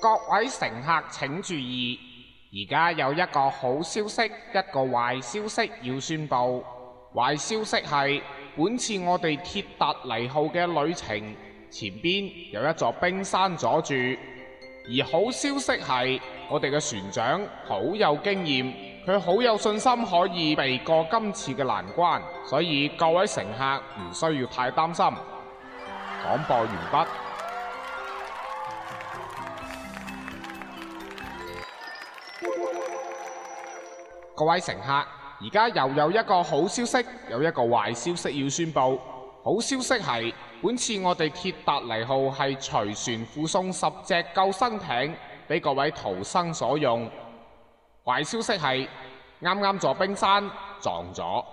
各位乘客請注意，而家有一個好消息，一個壞消息要宣布。壞消息係，本次我哋鐵達尼號嘅旅程前邊有一座冰山阻住。而好消息係，我哋嘅船長好有經驗，佢好有信心可以避過今次嘅難關，所以各位乘客唔需要太擔心。廣播完畢。各位乘客，而家又有一個好消息，有一個壞消息要宣布。好消息係，本次我哋鐵達尼號係隨船附送十隻救生艇俾各位逃生所用。壞消息係，啱啱座冰山撞咗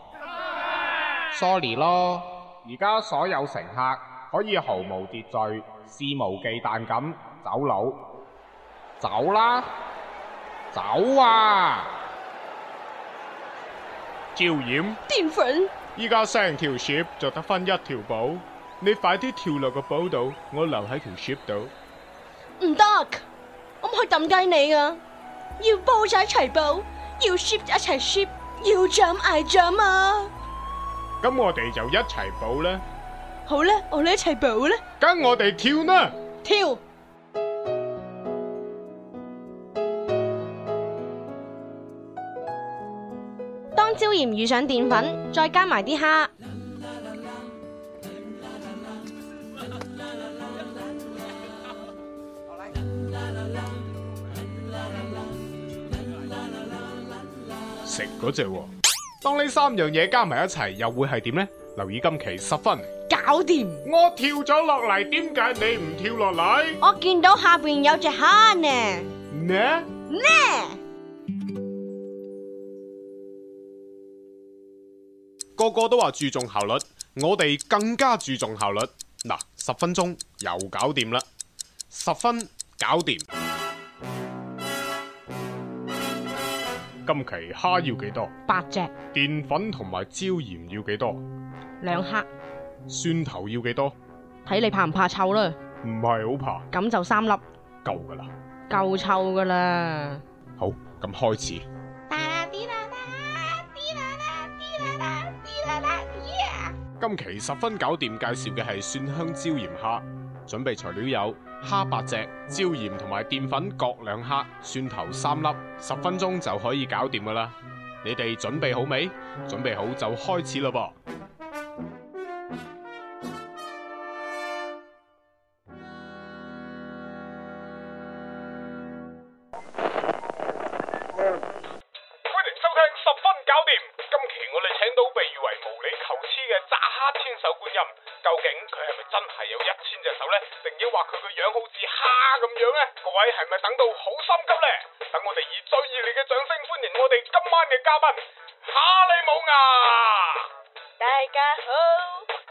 ，sorry 咯。而家所有乘客可以毫無秩序、肆無忌憚咁走佬，走啦，走啊！椒鹽，澱粉。依家成條 ship 就得翻一條寶，你快啲跳落個寶度，我留喺條 ship 度。唔得，我唔可以抌低你噶，要煲就一齊煲，要 ship，一齊 ship，要 jump 挨 jump 啊！咁我哋就一齊煲啦。好啦，我哋一齊煲啦。跟我哋跳啦！跳。椒鹽遇上澱粉，再加埋啲蝦，食嗰隻。當呢三樣嘢加埋一齊，又會係點呢？留意今期十分，搞掂。我跳咗落嚟，點解你唔跳落嚟？我見到下邊有隻蝦呢？咩？咩？個個都話注重效率，我哋更加注重效率。嗱、啊，十分鐘又搞掂啦，十分搞掂。今期蝦要幾多？八隻。澱粉同埋椒鹽要幾多？兩克。蒜頭要幾多？睇你怕唔怕臭啦？唔係好怕。咁就三粒。夠噶啦。夠臭噶啦。好，咁開始。今期十分搞掂，介紹嘅係蒜香椒鹽蝦。準備材料有蝦八隻、椒鹽同埋澱粉各兩克、蒜頭三粒。十分鐘就可以搞掂噶啦。你哋準備好未？準備好就開始啦噃。各位係咪等到好心急呢？等我哋以最熱烈嘅掌聲歡迎我哋今晚嘅嘉賓哈利姆牙。大家好，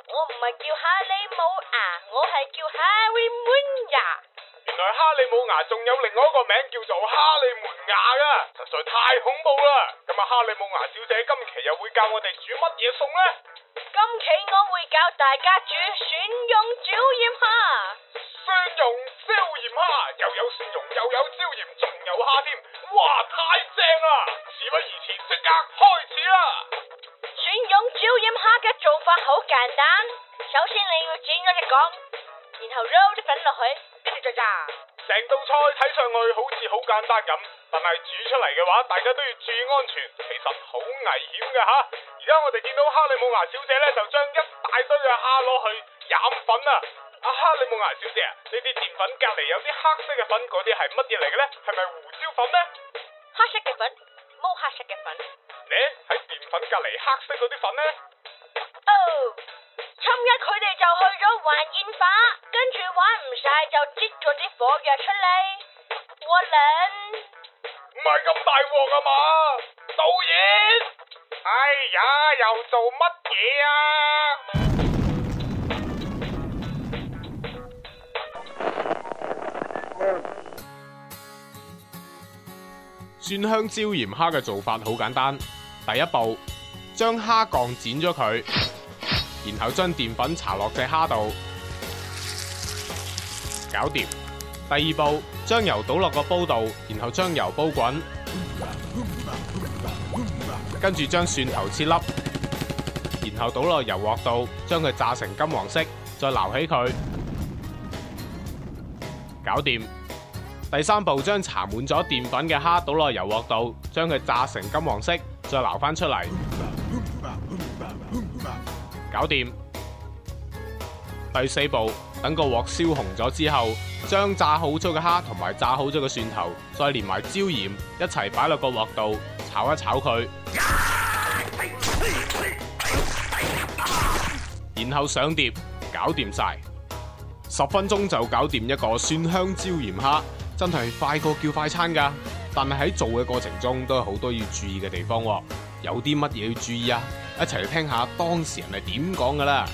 我唔係叫哈利姆牙，我係叫哈利門牙。原來哈利姆牙仲有另外一個名叫做哈利門牙噶，實在太恐怖啦！咁啊，哈利姆牙小姐今期又會教我哋煮乜嘢餸呢？今期我會教大家煮蒜蓉椒鹽蝦。啊、又有蒜蓉，又有椒鹽，仲有蝦添，哇，太正啦！事不宜遲，即刻開始啦！蒜蓉椒鹽蝦嘅做法好簡單，首先你要剪開一個，然後撈啲粉落去，跟住再炸。成道菜睇上去好似好簡單咁，但係煮出嚟嘅話，大家都要注意安全，其實好危險㗎吓。而家我哋見到哈利姆牙小姐呢，就將一大堆嘅蝦攞去醃粉啊！啊哈！你冇牙小姐啊？呢啲澱粉隔籬有啲黑色嘅粉，嗰啲係乜嘢嚟嘅咧？係咪胡椒粉咧？黑色嘅粉，冇黑色嘅粉。咧喺澱粉隔籬黑色嗰啲粉咧？哦，差唔一佢哋就去咗玩煙花，跟住玩唔晒就擠咗啲火藥出嚟。我領。唔係咁大鑊啊嘛，導演。哎呀，又做乜嘢啊？蒜香椒鹽蝦嘅做法好簡單，第一步將蝦槓剪咗佢，然後將澱粉搽落隻蝦度，搞掂。第二步將油倒落個煲度，然後將油煲滾，跟住將蒜頭切粒，然後倒落油鑊度，將佢炸成金黃色，再撈起佢，搞掂。第三步，將搽滿咗澱粉嘅蝦倒落油鑊度，將佢炸成金黃色，再撈翻出嚟，搞掂。第四步，等個鑊燒紅咗之後，將炸好咗嘅蝦同埋炸好咗嘅蒜頭，再連埋椒鹽一齊擺落個鑊度炒一炒佢，然後上碟，搞掂晒。十分鐘就搞掂一個蒜香椒鹽蝦。真係快過叫快餐噶，但係喺做嘅過程中都有好多要注意嘅地方。有啲乜嘢要注意啊？一齊去聽下當事人係點講噶啦！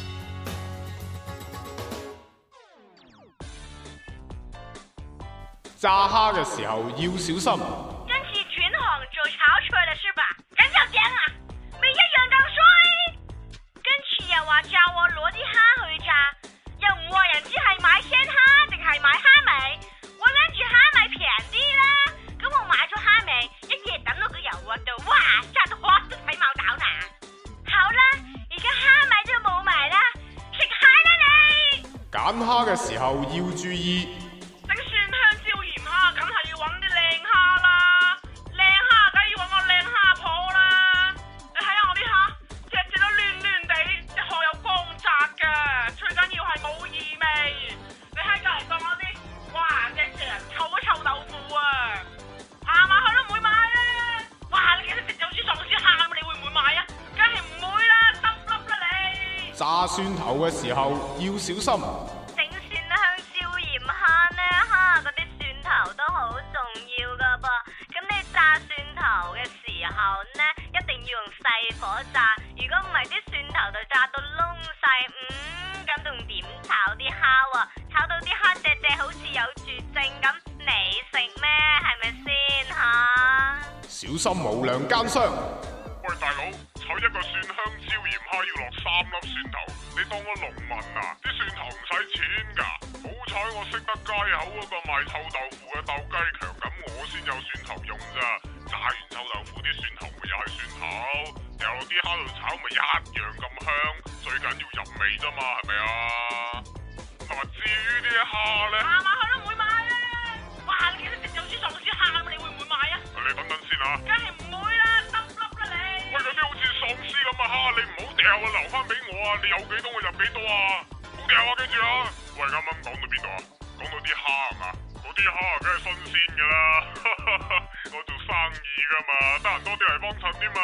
炸蝦嘅時候要小心。嘅時候要小心，整蒜香椒鹽蝦呢，蝦嗰啲蒜頭都好重要㗎噃。咁你炸蒜頭嘅時候呢，一定要用細火炸。如果唔係啲蒜頭就炸到窿晒，嗯，咁仲點炒啲蝦啊？炒到啲蝦隻隻好似有絕症咁，你食咩？係咪先吓？小心無良奸商。睇、哎、我識得街口嗰個賣臭豆腐嘅鬥雞強，咁我先有蒜頭用咋？炸完臭豆腐啲蒜頭咪又係蒜頭，掉落啲蝦度炒咪一樣咁香，最緊要入味咋嘛？係咪啊？同埋至於啲蝦咧，行埋去都唔會買咧。哇，你都食到似喪屍蝦，你會唔會買啊？你等等先啊！梗係唔會啦，得甩啦你！喂，有啲好似喪屍咁啊蝦，你唔好掉啊，留翻俾我啊！你有幾多我入幾多啊！呢下梗係新鮮噶啦，我做生意噶嘛，得閒多啲嚟幫襯添嘛，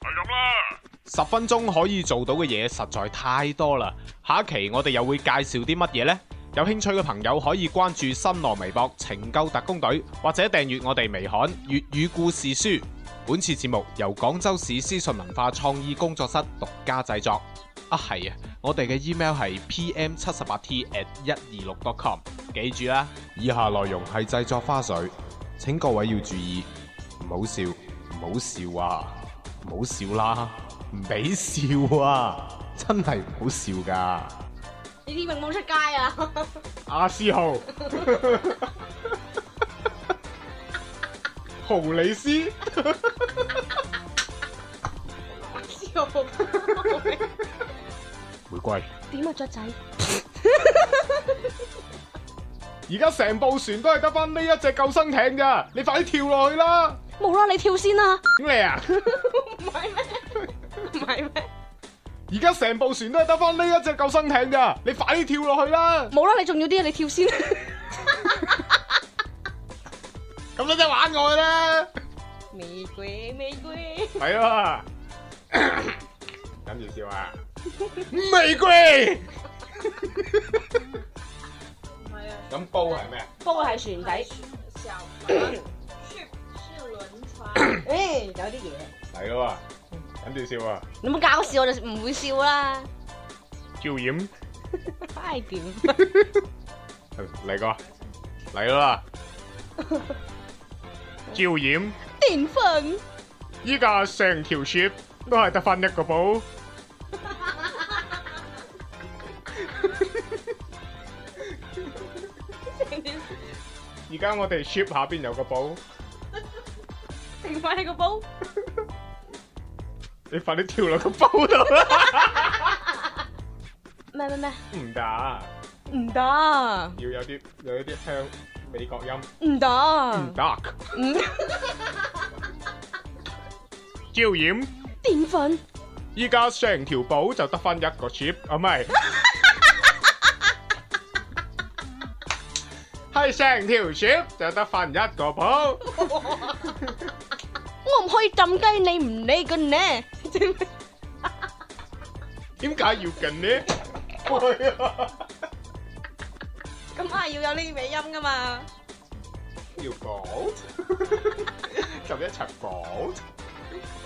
係咁啦。十分鐘可以做到嘅嘢實在太多啦，下一期我哋又會介紹啲乜嘢呢？有興趣嘅朋友可以關注新浪微博“拯救特工隊”，或者訂閱我哋微刊《粵語故事書》。本次節目由廣州市思順文化創意工作室獨家製作。啊係啊，我哋嘅 email 係 pm 七十八 t at 一二六 dot com。記住啦，以下內容係製作花絮，請各位要注意，唔好笑，唔好笑啊，唔好笑啦，唔俾笑啊，真係唔好笑噶。你啲明冇出街啊？阿思豪。 豪李斯，回 玫瑰，點啊雀仔，而家成部船都係得翻呢一隻救生艇㗎，你快啲跳落去啦！冇啦，你跳先、啊、啦！點你啊，唔係咩？唔係咩？而家成部船都係得翻呢一隻救生艇㗎，你快啲跳落去啦！冇啦，你仲要啲啊，你跳先。 乜嘢玩我啦？玫瑰，玫瑰。係喎，忍住笑啊！玫瑰。唔係啊。咁煲係咩？煲係船底。船船輪船。誒，有啲嘢。嚟咯，忍住笑啊！你冇搞笑我就唔會笑啦。趙染？快點？嚟個，嚟啦！照染，點份？依家成條 ship 都係得翻一個煲。而家我哋 ship 下邊有個煲，剩翻呢個煲。你快啲跳落個煲度啦！咩咩咩？唔得，唔得，要有啲，要有啲香。美國音唔得，唔得，椒鹽澱粉。依家成條寶就得翻一個 chip，係咪？係成條 chip 就得翻一個寶。我唔可以浸雞你唔理嘅呢？點解要緊呢？係要有呢尾音噶嘛？要 ball 就一齊 ball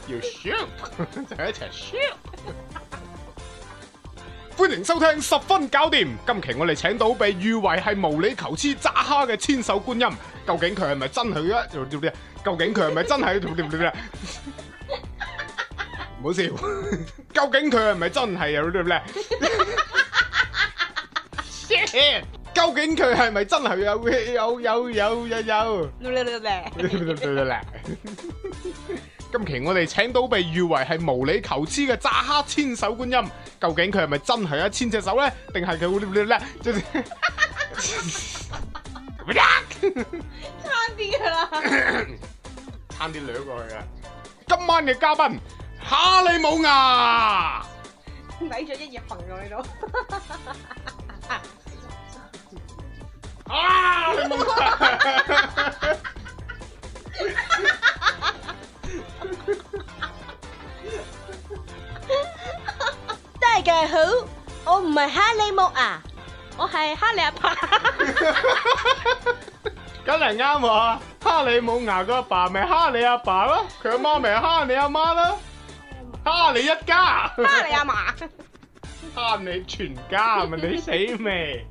要 shoot，就一齊 shoot。 歡迎收聽十分搞掂。今期我哋請到被譽為係無理求疵炸蝦嘅千手觀音，究竟佢係咪真係咧？究竟佢係咪真係咧？唔 好, 要笑， 究竟佢係咪真係啊？ 究竟佢係咪真係有有有有有有？叻叻叻叻！叻叻叻！今期我哋請到被譽為係無理求疵嘅揸蝦千手觀音，究竟佢係咪真係一千隻手咧？定係佢叻叻叻？即係差啲啦，差啲掠過去啦！今晚嘅嘉賓哈利蒙啊，矮咗一葉萍喎呢度。係哈利木啊，我係哈利阿爸，咁嚟啱我啊。哈利冇牙個阿爸咪哈利阿爸咯，佢阿媽咪哈利阿媽咯，哈利一家，哈利阿嫲，哈利全家，咪你死未？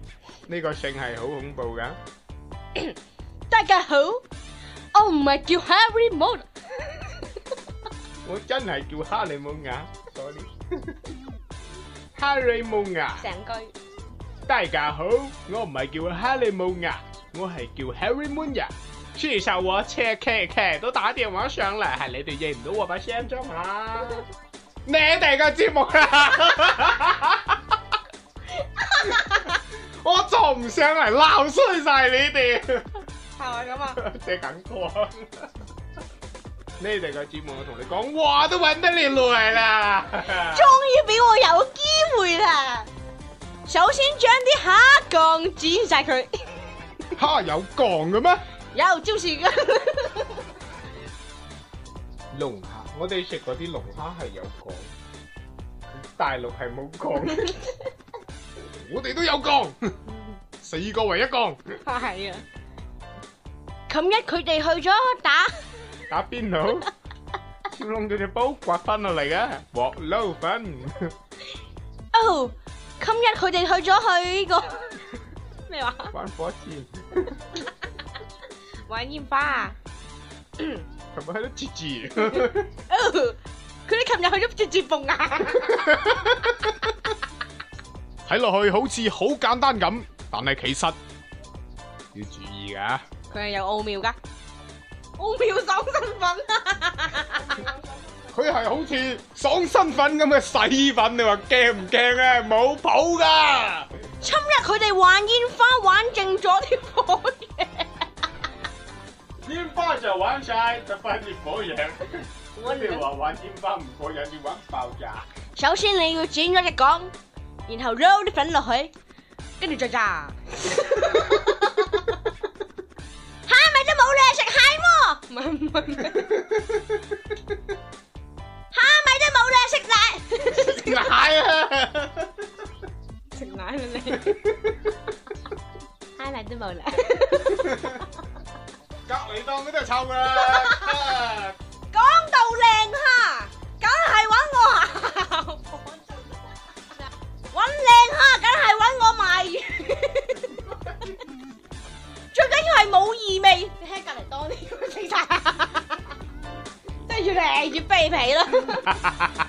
呢個姓係好恐怖噶。大家好，我唔係叫哈利木，我真係叫哈利冇牙，sorry。哈利蒙啊！成句。大家好，我唔係叫哈利蒙啊，我係叫 Harry 蒙啊。之前我斜 K K 都打電話上嚟，係你哋認唔到我把聲啫嘛？你哋個節目啊！我仲唔上嚟鬧衰晒你哋？係咪咁啊？借緊歌。你哋個節目我同你講，我都揾得你落嚟啦。終於俾我有。會啦，首先將啲蝦槓剪晒佢。蝦有槓嘅咩？有，就是個龍蝦。我哋食嗰啲龍蝦係有槓，大陸係冇槓。我哋都有槓，四個為一槓。係啊。琴日佢哋去咗打。打邊度？跳窿嗰隻煲刮翻落嚟嘅鑊撈粉。哦、oh, 這個，今日佢哋去咗去呢個咩話？玩火箭， 玩煙花啊！琴日喺度折紙，佢哋琴日去咗折紙風啊！睇落 去，啊、 去好似好簡單咁，但係其實要注意噶。佢係有奧妙噶，奧妙手身份、啊。 佢係好似爽身粉咁嘅洗衣粉，你話驚唔驚啊？冇譜噶。今日佢哋玩煙花玩正咗啲火藥。煙花就玩晒，就分啲火藥。我哋話玩煙花唔過癮，要玩爆炸。首先你要剪咗隻缸，然後撈啲粉落去，跟住再炸。哈咪都冇嘢食，食蟹喎？唔唔唔。食奶啊，食奶啊你，奶埋都冇啦。隔籬檔嗰啲係臭噶啦。講到靚蝦，梗係揾我啊！揾靚蝦，梗係揾我賣。最緊要係冇異味，你喺隔籬檔啲咁嘅食得，即係越嚟越卑鄙啦。